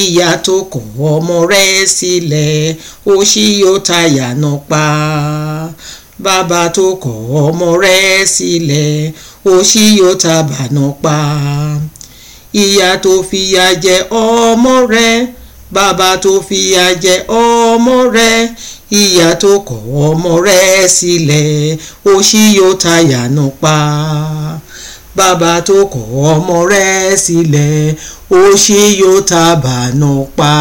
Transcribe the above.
ìyá tó kọ ọmọ rẹ̀ sílẹ̀ ó ṣí ó táyà náà pa bàbá tó kọ ọmọ rẹ̀ sílẹ̀ ó ṣí ó tábà náà pa ìyá tó fìyà jẹ ọmọ rẹ̀ bàbá tó fìyà jẹ ọmọ rẹ̀ ìyá tó kọ ọmọ rẹ̀ sílẹ̀ ó ṣí ó táyà náà pa bàbá tó kọ̀ ọmọ rẹ̀ sílẹ̀ ó ṣí yóò tàbánú pa.